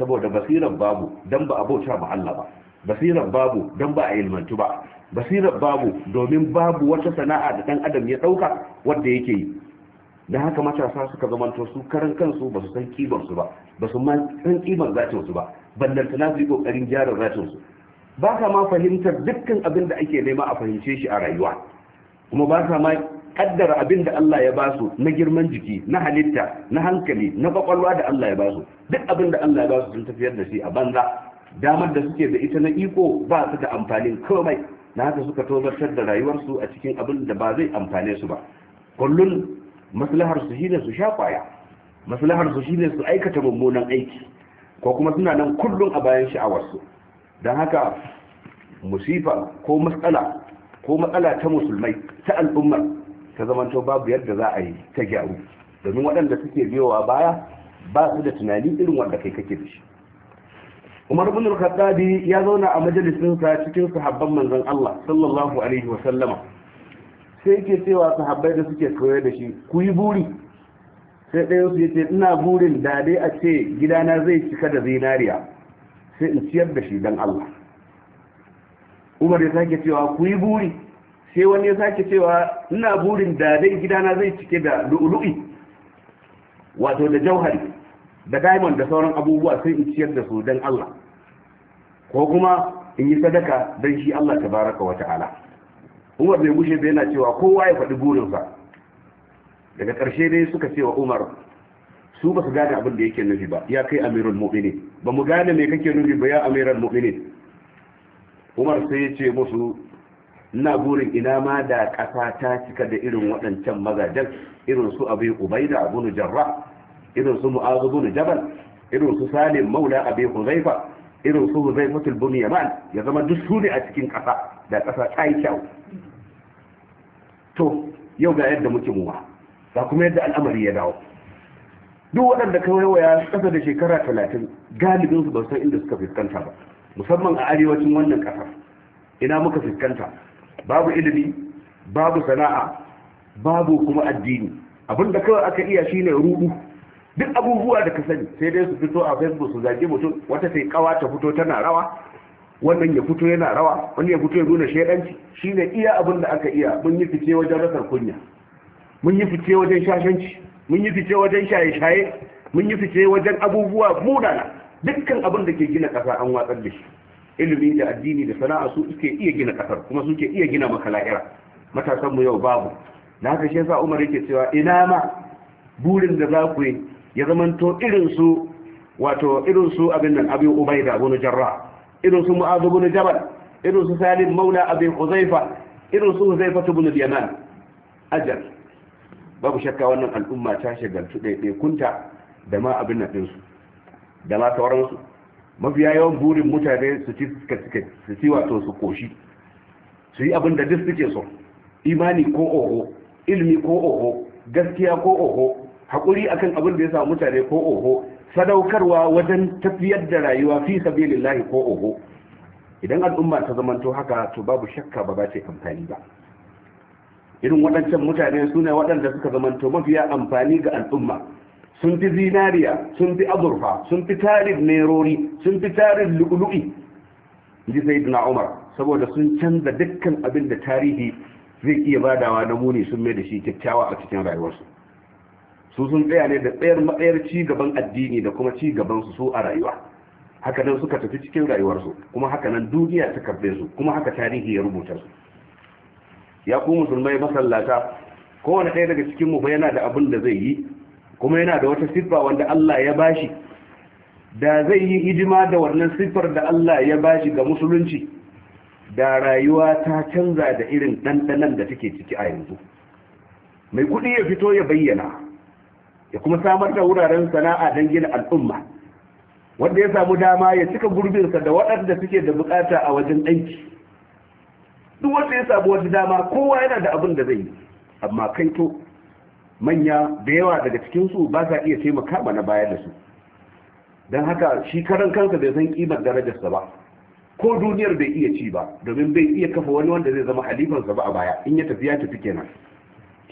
saboda basirar babu don ba abota ba Allah ba basirar babu don ba a ilmantu ba basirar babu domin babu wata sana'a da dan adam ya dauka wanda yake yi da haka matasa suka zamanto su karan kansu ba su san kiban su ba ba su ma san kiban zatin su ba ballantana su yi kokarin gyara zatin su ba ka ma fahimtar dukkan abin da ake nema a fahimce shi a rayuwa kuma ba ka ma kaddara abin da Allah ya basu na girman jiki na halitta na hankali na kwakwalwa da Allah ya basu duk abin da Allah ya basu sun tafiyar da shi a banza damar da suke da ita na iko ba su da amfanin komai na haka suka tozartar da rayuwarsu a cikin abin da ba zai amfane su ba kullun Maslaharsu su shine su sha kwaya maslahar su shine su aikata mummunan aiki ko kuma suna nan kullum a bayan sha'awarsu don haka musifa ko matsala ko matsala ta musulmai ta al'ummar ta zamanto babu yadda za a yi ta gyaru domin waɗanda suke biyowa baya ba su da tunani irin wanda kai kake da shi umar bin al-khattabi ya zauna a majalisinsa cikin sahabban manzon Allah sallallahu alaihi wa sallama sai yake cewa sahabbai da suke koyar da shi ku yi buri sai ɗaya su yace ina burin da dai a ce gidana zai cika da zinariya sai in ciyar da shi don Allah Umar ya sake cewa ku yi buri sai wani ya sake cewa ina burin da dai gidana zai cike da lu'ulu'i wato da jauhari da diamond da sauran abubuwa sai in ciyar da su don Allah ko kuma in yi sadaka don shi Allah tabaraka wa ta'ala umar bai gushe bai yana cewa kowa ya faɗi burinsa daga ƙarshe dai suka cewa umar su ba su gane abin da yake nufi ba ya kai amirul mu'minin ba mu gane mai kake nufi ba ya amirul mu'minin umar sai ya ce musu ina burin ina ma da ƙasa ta cika da irin waɗancan mazajen irin su abu ubaida abu jarra irin su mu'azu bin jabal irin su salim maula abi huzaifa irin su huzaifatul bunyaman ya zama duk su ne a cikin ƙasa da ƙasa ta yi kyau to yau ga yadda muke muwa ba kuma yadda al'amari ya dawo duk waɗanda kawai waya ƙasa da shekara talatin galibin su ba san inda suka fuskanta ba musamman a arewacin wannan ƙasar ina muka fuskanta babu ilimi babu sana'a babu kuma addini abin da kawai aka iya shine rudu duk abubuwa da ka sani sai dai su fito a facebook su zage mutum wata sai kawa ta fito tana rawa wannan ya fito yana rawa wannan ya fito ya nuna shaidanci shi ne iya abin da aka iya mun yi fice wajen rasar kunya mun yi fice wajen shashanci mun yi fice wajen shaye-shaye mun yi fice wajen abubuwa munana dukkan abin da ke gina kasa an watsar da shi ilimi da addini da sana'a su suke iya gina ƙasar kuma suke iya gina maka lahira matasan mu yau babu na haka shi yasa Umar yake cewa ina ma burin da za ku yi ya zamanto irin su wato irin su abin nan abin ubaida wani jarra irin su mu'adh ibn jabal irin su salim maula abi huzaifa irin su huzaifa ibn yaman ajal babu shakka wannan al'umma ta shagaltu ɗaiɗai kunta da ma abin nan ɗinsu da ma sauransu mafiya yawan burin mutane su ci su ci wato su koshi su yi abin da duk suke so imani ko oho ilmi ko oho gaskiya ko oho haƙuri akan abin da ya samu mutane ko oho sadaukarwa wajen tafiyar da rayuwa fi sabilillahi ko oho idan al'umma ta zamanto haka to babu shakka ba za ta amfani ba irin waɗancan mutane su ne waɗanda suka zamanto mafiya amfani ga al'umma sun fi zinariya sun fi azurfa sun fi tarin nerori sun fi tarin lu'lu'i ji na umar saboda sun canza dukkan abin da tarihi zai iya badawa na muni sun mai da shi kyakkyawa a cikin rayuwarsu su sun tsaya ne da tsayar matsayar ci gaban addini da kuma ci su a rayuwa haka nan suka tafi cikin rayuwarsu kuma haka nan duniya ta karbe su kuma haka tarihi ya rubuta su ya ku musulmai masallata kowane ɗaya daga cikin mu yana da abin da zai yi kuma yana da wata siffa wanda Allah ya bashi da zai yi hidima da wannan siffar da Allah ya bashi ga musulunci da rayuwa ta canza da irin ɗanɗanan da take ciki a yanzu mai kuɗi ya fito ya bayyana ya kuma samar da wuraren sana'a don gina al'umma wanda ya samu dama ya cika gurbinsa da waɗanda suke da bukata a wajen aiki duk wanda ya samu wata dama kowa yana da abin da zai yi amma kai to manya da yawa daga cikinsu ba sa iya taimaka na baya da su don haka shi karan kansa bai san kimar darajarsa ba ko duniyar bai iya ci ba domin bai iya kafa wani wanda zai zama halifansa ba a baya in ya tafi ya tafi kenan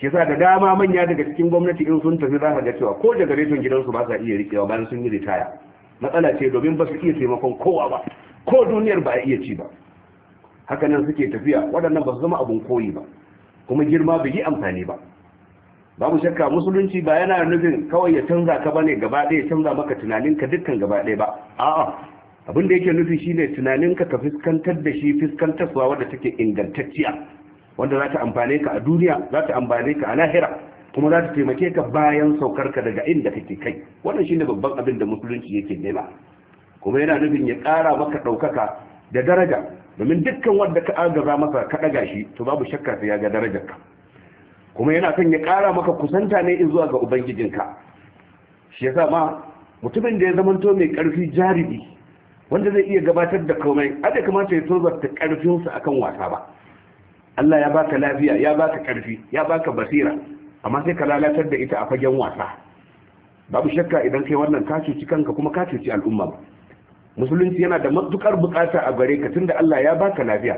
shi yasa da dama manya daga cikin gwamnati in sun tafi za ka ga cewa ko daga reton gidansu ba sa iya riƙewa bayan sun yi ritaya matsala ce domin ba su iya taimakon kowa ba ko duniyar ba a iya ci ba haka nan suke tafiya waɗannan ba su zama abin koyi ba kuma girma bai yi amfani ba babu shakka musulunci ba yana nufin kawai ya canza ka bane gaba ɗaya canza maka tunaninka dukkan gaba ɗaya ba a'a abin da yake nufi shine tunaninka ka fuskantar da shi fuskantarwa wadda take ingantacciya wanda za ta amfane ka a duniya za ta amfane ka a lahira kuma za ta taimake ka bayan saukar ka daga inda kake kai wannan shine babban abin da musulunci yake nema kuma yana nufin ya ƙara maka ɗaukaka da daraja domin dukkan wanda ka agaza masa ka ɗaga shi to babu shakka sai ya ga darajar ka kuma yana son ya ƙara maka kusanta ne zuwa ga ubangijinka shi yasa ma mutumin da ya zamanto mai ƙarfi jaribi wanda zai iya gabatar da komai da kamata ya tozarta ƙarfinsa akan wasa ba Allah ya baka lafiya ya baka karfi ya baka basira amma sai ka lalatar da ita a fagen wasa babu shakka idan kai wannan ka cuci kanka kuma ka cuci al'umma musulunci yana da matukar bukata a gare ka tunda Allah ya baka lafiya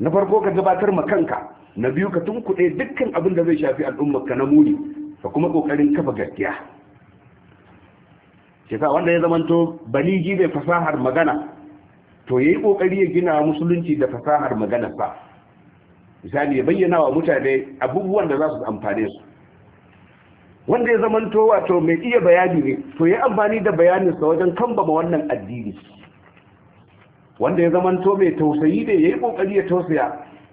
na farko ka gabatar ma kanka na biyu ka tunkuɗe dukkan abin da zai shafi al'umma ka na muni ka kuma kokarin kafa gaskiya shekara wanda ya zamanto baligi mai fasahar magana to yayi kokari ya gina musulunci da fasahar magana fa. misali ya bayyana wa mutane abubuwan da za su amfane su wanda ya to wato mai iya bayani ne to ya amfani da bayaninsa wajen kambama wannan addini wanda ya to mai tausayi ne ya yi kokari ya tausaya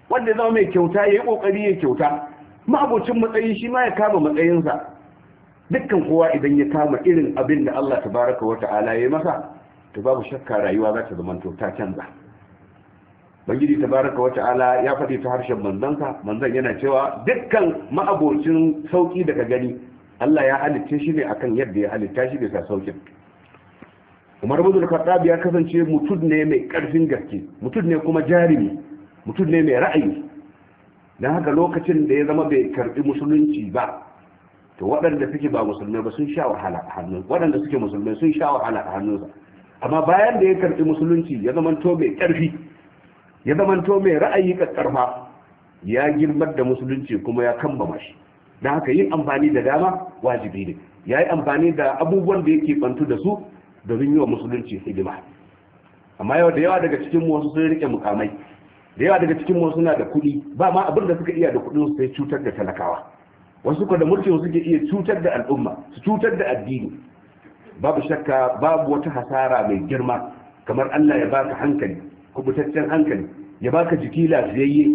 wanda ya zama mai kyauta ya yi kokari ya kyauta ma'abocin matsayi shi ma ya kama matsayin sa. dukkan kowa idan ya kama irin abin da Allah tabaraka wa ta'ala ya masa to babu shakka rayuwa za ta to ta canza bangiji tabaraka wata ala ya fadi ta harshen manzanka manzan yana cewa dukkan ma'abocin sauki daga gani Allah ya halitta shi ne akan yadda ya halitta shi da saukin Umar al Khattab ya kasance mutum ne mai karfin gaske mutum ne kuma jarimi mutum ne mai ra'ayi dan haka lokacin da ya zama bai karbi musulunci ba to waɗanda suke ba musulmai ba sun sha wahala a hannun waɗanda suke musulmai sun sha wahala a hannunsa amma bayan da ya karbi musulunci ya zama to mai karfi ya zamanto mai ra'ayi kakkarfa ya girmar da musulunci kuma ya kambama shi don haka yin amfani da dama wajibi ne ya yi amfani da abubuwan da yake bantu da su domin yi wa musulunci hidima amma yau da yawa daga cikin wasu sun rike mukamai da yawa daga cikin wasu na da kuɗi ba ma abin da suka iya da kuɗin su sai cutar da talakawa wasu ko da mulkin suke iya cutar da al'umma su cutar da addini babu shakka babu wata hasara mai girma kamar Allah ya baka hankali kubutaccen hankali ya baka jiki lafiyayye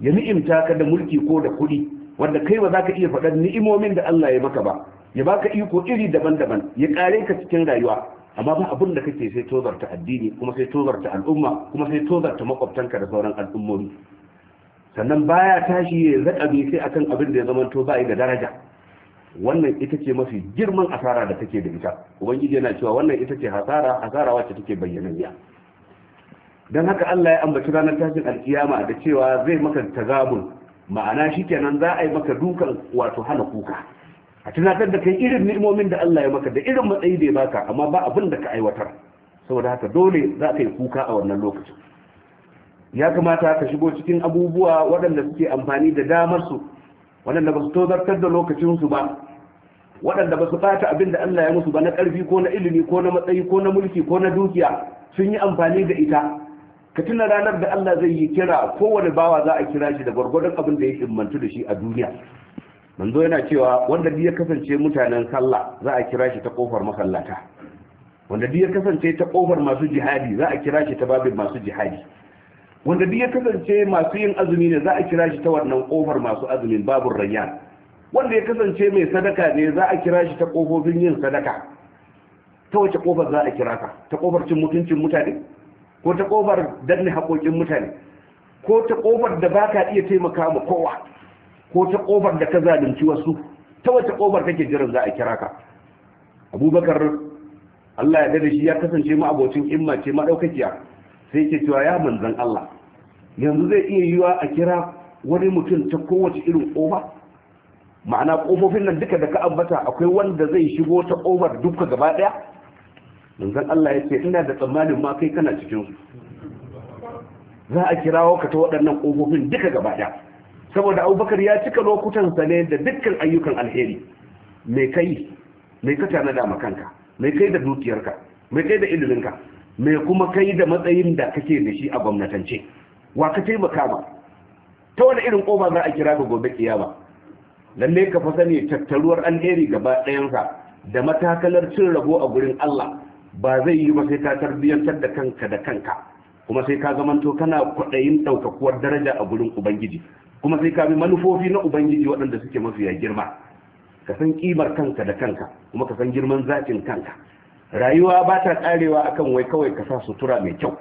ya ni'imta ka da mulki ko da kuɗi wanda kai ba za ka iya faɗar ni'imomin da Allah ya maka ba ya baka iko iri daban-daban ya kare ka cikin rayuwa amma ba abin da kake sai tozarta addini kuma sai tozarta al'umma kuma sai tozarta makwabtanka da sauran al'ummomi sannan baya tashi ya bi sai akan abin da ya to ba da daraja wannan ita ce mafi girman asara da take da ita ubangiji yana cewa wannan ita ce hasara hasara wacce take bayyana ya don haka Allah ya ambaci ranar tashin alkiyama da cewa zai maka tagabun ma'ana shikenan za a yi maka dukan wato hana kuka a tunatar da kai irin ni'imomin da Allah ya maka da irin matsayi da ya baka amma ba abin da ka aiwatar saboda haka dole za ka yi kuka a wannan lokacin ya kamata ka shigo cikin abubuwa waɗanda suke amfani da damar su waɗanda ba su tozartar da lokacinsu ba waɗanda ba su ɓata abin da Allah ya musu ba na ƙarfi ko na ilimi ko na matsayi ko na mulki ko na dukiya sun yi amfani da ita ka tuna ranar da Allah zai yi kira kowane bawa za a kira shi da gwargwadon abin da ya himmantu da shi a duniya manzo yana cewa wanda ya kasance mutanen sallah za a kira shi ta kofar masallata wanda ya kasance ta kofar masu jihadi za a kira shi ta babin masu jihadi wanda ya kasance masu yin azumi ne za a kira shi ta wannan kofar masu azumin babur rayyan wanda ya kasance mai sadaka ne za a kira shi ta kofofin yin sadaka ta wace kofar za a kira ka ta kofar cin mutuncin mutane ko ta kofar danne haƙoƙin mutane ko ta kofar da ba ka iya taimaka ma kowa ko ta kofar da ka zalunci wasu ta wace kofar take jiran za a kira ka abubakar Allah ya dade shi ya kasance ma abocin imma ce madaukakiya sai yake cewa ya manzan Allah yanzu zai iya yiwa a kira wani mutum ta kowace irin kofa ma'ana kofofin nan duka da ka ambata akwai wanda zai shigo ta kofar duka gaba ɗaya? manzon Allah ya ce ina da tsammanin ma kai kana cikin su za a kirawo ka ta waɗannan ƙofofin duka gaba ɗaya saboda abubakar ya cika lokutan sa ne da dukkan ayyukan alheri mai kai mai ka tanada ma ka? mai kai da dukiyarka mai kai da ka mai kuma kai da matsayin da kake da shi a gwamnatance wa ka taimaka ma ta wani irin ƙofa za a kira ka gobe kiyama lalle ka fa sani tattaruwar alheri gaba ɗayansa da matakalar cin rabo a gurin Allah ba zai yi ba sai ka tarbiyyantar da kanka da kanka kuma sai ka zamanto kana kwaɗayin ɗaukakuwar daraja a gurin ubangiji kuma sai ka bi manufofi na ubangiji waɗanda suke mafiya girma ka san kimar kanka da kanka kuma ka san girman zakin kanka rayuwa ba ta karewa akan wai kawai ka sa sutura mai kyau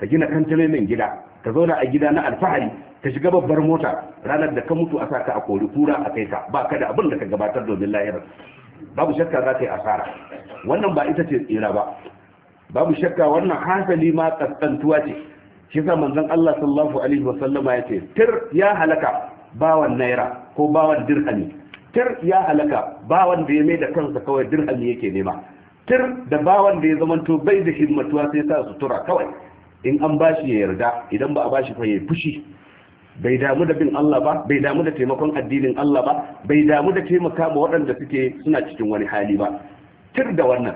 ka gina mai gida ka zauna a gida na alfahari ka shiga babbar mota ranar da ka mutu a saka a kori kura a kai ka ba ka da abin da ka gabatar domin lahirar babu shakka za ta yi asara wannan ba ita ce tsira ba babu shakka wannan hankali ma kaskantuwa ce shi sa manzon Allah sallallahu alaihi wasallama ya ce tir ya halaka bawan naira ko bawan dirhami tir ya halaka bawan da ya mai da kansa kawai dirhami yake nema tir da bawan da ya zamanto bai da himmatuwa sai sa sutura kawai in an bashi ya yarda idan ba a bashi fa ya fushi bai damu da bin Allah ba bai damu da taimakon addinin Allah ba bai damu da taimaka ma waɗanda suke suna cikin wani hali ba tir da wannan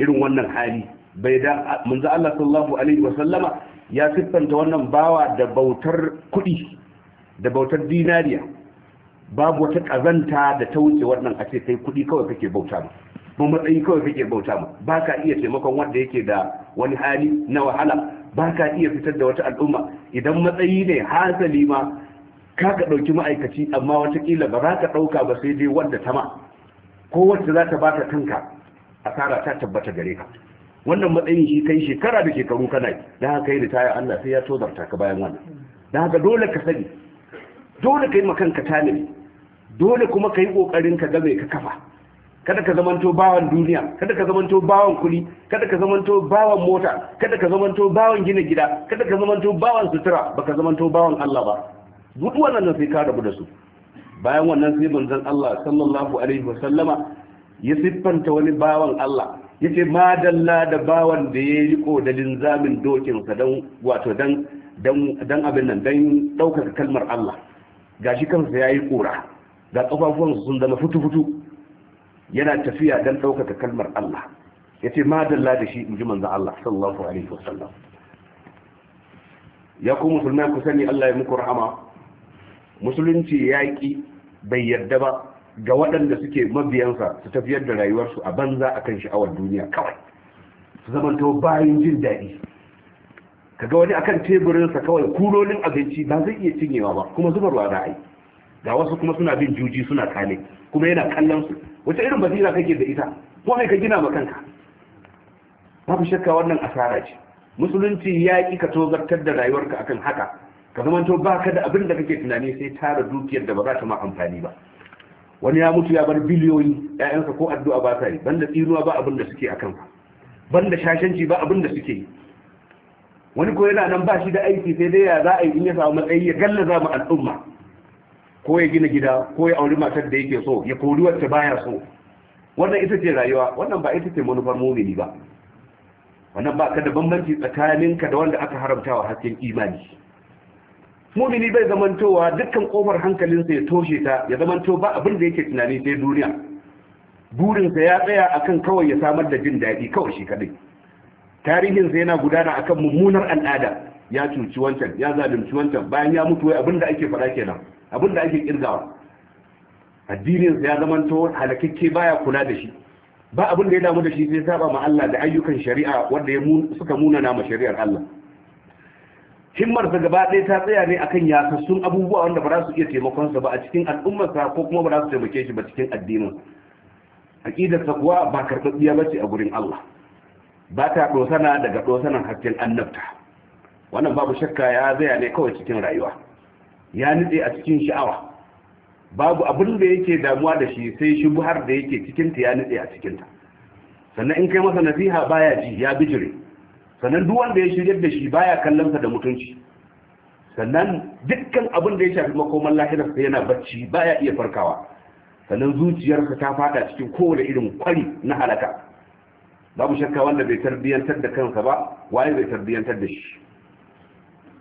irin wannan hali bai da manzo Allah sallallahu alaihi wa sallama ya siffanta wannan bawa da bautar kuɗi da bautar dinariya babu wata ƙazanta da ta wuce wannan a ce kai kuɗi kawai kake bauta ma ba matsayi kawai kake bauta ma ba ka iya taimakon wanda yake da wani hali na wahala ba ka iya fitar da wata al'umma idan matsayi ne hasali ma ka ka ɗauki ma'aikaci amma watakila ba za ka ɗauka ba sai dai wanda ta ma ko wacce za ta ba ta kanka asara ta tabbata gare ka wannan matsayin shi kai shekara da shekaru kana yi da haka yi ritaya Allah sai ya tozarta ka bayan wannan da haka dole ka sani dole ka yi kanka tanadi dole kuma ka yi ƙoƙarin ka mai ka kafa kada ka zamanto bawan duniya kada ka zamanto bawan kuli kada ka zamanto bawan mota kada ka zamanto bawan gina gida kada ka zamanto bawan sutura baka zamanto bawan Allah ba duk wannan sai ka rabu da su bayan wannan sai manzon Allah sallallahu alaihi wasallama ya siffanta wani bawan Allah yace ma dalla da bawan da yayi riko da linzamin dokin sa dan wato dan dan abin nan dan daukar kalmar Allah gashi kansa yayi kura ga kafafuwan sun zama futu-futu yana tafiya don ɗaukaka kalmar Allah ya ce madalla da shi in ji manzan Allah sallallahu alaihi wasallam ya ku musulmai ku sani Allah ya muku rahama musulunci ya bai yarda ba ga waɗanda suke mabiyansa su tafiyar da rayuwarsu a banza akan sha'awar duniya kawai su zamanta bayan jin daɗi kaga wani akan teburinsa kawai kulolin abinci ba zai iya cinyewa ba kuma zubarwa da ai ga wasu kuma suna bin juji suna kale kuma yana kallon su wace irin basira kake da ita ko mai ka gina ma kanka babu shakka wannan asara ce musulunci ya ka tozartar da rayuwarka akan haka ka zama to baka da abin da kake tunani sai tara dukiyar da ba za ta ma amfani ba wani ya mutu ya bar biliyoyi ƴaƴansa ko addu'a ba ta yi banda tsiruwa ba abin da suke akan banda shashanci ba abin da suke yi wani ko yana nan ba shi da aiki sai dai ya za a yi in ya samu matsayi ya gallaza mu al'umma ko ya gina gida ko ya auri matar da yake so ya kori wacce baya so wannan ita ce rayuwa wannan ba ita ce manufar mumini ba wannan ba ka da bambanci tsakaninka da wanda aka haramta wa hasken imani mumini bai zamantowa dukkan kofar hankalinsa ya toshe ta ya zamanto ba abin da yake tunani sai duniya burinsa ya tsaya akan kawai ya samar da jin daɗi kawai shi Tarihin tarihinsa yana gudana akan mummunar al'ada ya cuci wancan ya zalunci wancan bayan ya mutu wai abin da ake faɗa kenan abin da ake kirgawa addininsa ya zamanto halakakke baya kula da shi ba abin da ya damu da shi sai saba ma Allah da ayyukan shari'a wanda ya suka munana ma shari'ar Allah himmar sa gaba ɗaya ta tsaya ne akan yasassun abubuwa wanda ba za su iya taimakon sa ba a cikin sa ko kuma ba za su taimake shi ba cikin addinin aqidar sa kuwa ba karɓaɓɓiya bace a gurin Allah ba ta dosana daga dosanan hakkin annabta wannan babu shakka ya zaya ne kawai cikin rayuwa ya nitse a cikin sha'awa babu abin da yake damuwa da shi sai shi buhar da yake cikinta ya nitse a cikinta sannan in kai masa nasiha baya ji ya bijire sannan duk wanda ya shirya da shi baya sa da mutunci sannan dukkan abin da ya shafi makoman sai yana bacci baya iya farkawa sannan zuciyarsa ta fada cikin kowane irin kwari na halaka babu shakka wanda bai tarbiyantar da kansa ba waye bai tarbiyantar da shi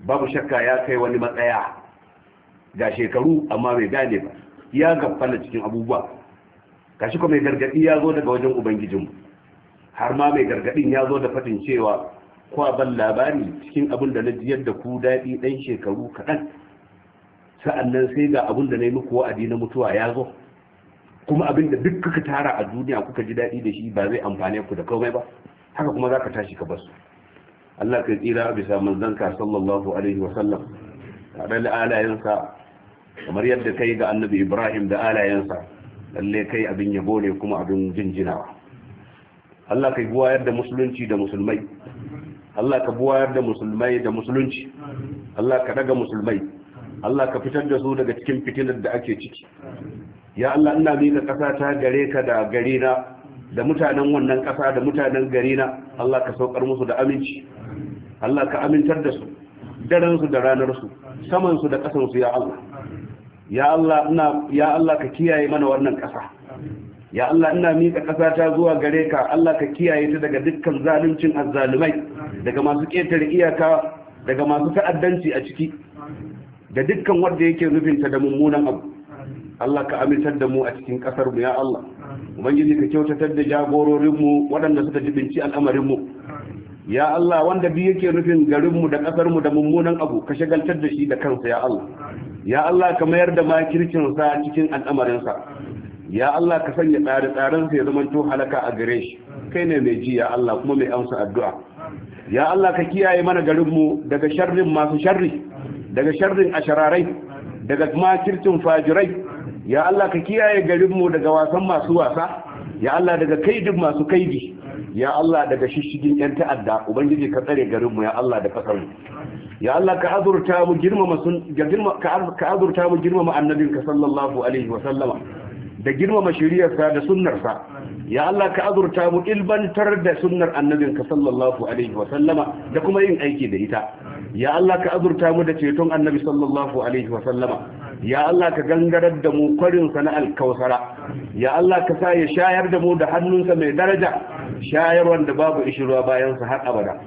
babu shakka ya kai wani matsaya ga shekaru amma bai gane ba ya gafala cikin abubuwa kashi kuma mai gargadi ya zo daga wajen ubangijinmu har ma mai gargadin ya zo da fatin cewa kwa ban labari cikin abin da na jiyar da ku daɗi ɗan shekaru kaɗan sa'annan sai ga abin da na yi muku wa'adi na mutuwa ya zo kuma abin da duk kuka tara a duniya kuka ji daɗi da shi ba zai amfane ku da komai ba haka kuma za ka tashi ka basu Allah ka tsira bisa manzanka sallallahu alaihi wa sallam tare da alayensa kamar yadda kai ga annabi ibrahim da alayensa lalle kai abin yabo ne kuma abin jinjinawa Allah ka buwayar da musulunci da musulmai Allah ka buwayar da musulmai da musulunci Allah ka daga musulmai Allah ka fitar da su daga cikin fitinar da ake ciki ya Allah ina miƙa ƙasa ta gare ka da gari na da mutanen wannan ƙasa da mutanen gari na Allah ka saukar musu da aminci Allah ka amintar da su daren su da ranar su saman su da ƙasan su ya Allah ya Allah ina ya Allah ka kiyaye mana wannan ƙasa ya Allah ina miƙa ƙasa ta zuwa gare ka Allah ka kiyaye ta daga dukkan zaluncin azzalumai daga masu ƙetare iyaka daga masu ta'addanci a ciki da dukkan wanda yake nufinta da mummunan abu Allah ka amintar da mu a cikin ƙasar mu ya Allah ubangiji ka kyautatar da jagororin mu waɗanda suka jibinci al'amarin mu ya Allah wanda bi yake nufin garinmu da ƙasarmu da mummunan abu ka shagaltar da shi da kansa ya Allah ya Allah ka mayar da makircinsa cikin al'amarinsa ya Allah ka sanya tsare tsaren sa ya zama to halaka a gare shi kai ne mai ji ya Allah kuma mai amsa addu'a ya Allah ka kiyaye mana garinmu daga sharrin masu sharri daga sharrin ashararai daga makircin fajirai ya Allah ka kiyaye garinmu daga wasan masu wasa ya Allah daga kaidin masu kaidi ya Allah daga shishigin yan ta'adda ubangiji ka tsare garin mu ya Allah da kasar mu ya Allah ka azurta mu girmama sun ka azurta mu girmama annabinka sallallahu alaihi wa sallama da girmama shiriyarsa da sunnarsa ya Allah ka azurta mu ilbantar da sunnar annabinka sallallahu alaihi wa sallama da kuma yin aiki da ita ya Allah ka azurta mu da ceton annabi sallallahu alaihi wa sallama ya Allah ka gangarar da mu kwarin sa na alkausara ya Allah ka sa ya shayar da mu da hannunsa mai daraja Shayar da babu ishirwa bayan sa har abada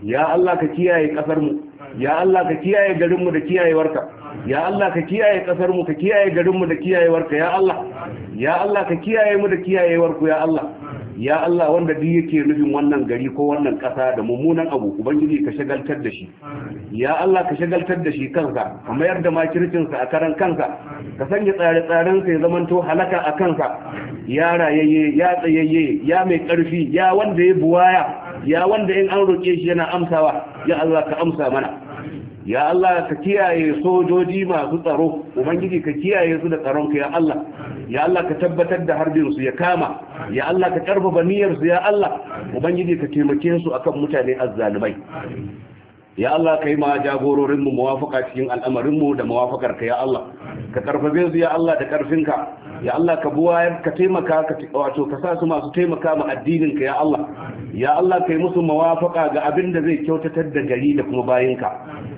ya Allah ka kiyaye kasar mu ya Allah ka kiyaye garinmu da kiyayewarka ya Allah ka kiyaye kasarmu ka kiyaye garinmu da kiyayewarka ya Allah ya Allah ka kiyaye mu da kiyayewarku ya Allah ya Allah wanda duk yake nufin wannan gari ko wannan ƙasa da mummunan abu ubangiji ka shagaltar da shi ya Allah ka shagaltar da shi kansa ka mayar da makircinsa a karan kansa ka sanya tsare sa ya to halaka a kansa ya rayayye ya tsayayye ya mai ƙarfi ya wanda ya buwaya ya wanda in an roƙe shi yana amsawa ya Allah ka amsa mana ya Allah ka kiyaye sojoji masu tsaro ubangiji ka kiyaye su da tsaronka ya Allah ya Allah ka tabbatar da harbin su ya kama ya Allah ka karfafa niyyar su ya Allah ubangiji ka taimake su akan mutane azzalumai ya Allah ka yi ma jagororin mu muwafaka cikin al'amarin mu da muwafakar ka ya Allah ka karfafe su ya Allah da karfinka ya Allah ka buwa ka taimaka ka wato ka sa su masu taimaka ma addinin ka ya Allah ya Allah kai musu mawafaka ga abin da zai kyautatar da gari da kuma bayinka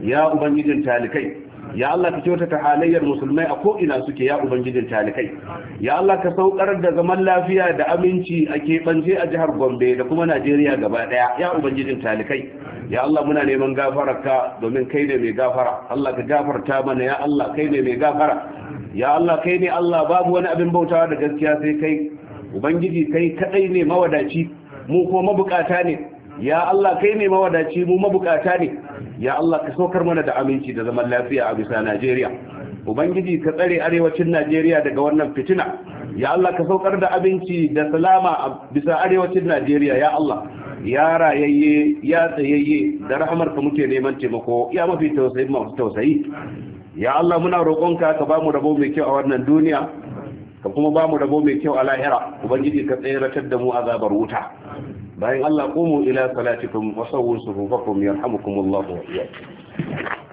ya ubangijin talikai ya Allah ka kyautata halayyar musulmai a ko ina suke ya ubangijin talikai ya Allah ka saukar da zaman lafiya da aminci a keɓance a jihar Gombe da kuma Najeriya gaba ɗaya ya ubangijin talikai ya Allah muna neman gafararka domin kai ne mai gafara Allah ka gafarta mana ya Allah kai ne mai gafara ya Allah kai ne Allah babu wani abin bautawa da gaskiya sai kai ubangiji kai kadai ne mawadaci mu kuma mabukata ne ya Allah kai ne mawadaci mu mabukata ne ya Allah ka saukar mana da aminci da zaman lafiya a bisa Najeriya ubangiji ka tsare arewacin Najeriya daga wannan fitina ya Allah ka saukar da abinci da salama a bisa arewacin Najeriya ya Allah ya rayayye ya tsayayye da rahamar ka muke neman taimako ya mafi tausayi masu tausayi ya Allah muna roƙonka ka ba mu rabo mai kyau a wannan duniya ka kuma ba mu rabo mai kyau a lahira ubangiji ka tseratar da mu azabar wuta bayan Allah qumu ila salatikum wa sawwu sufufakum yarhamukumullahu wa iyyakum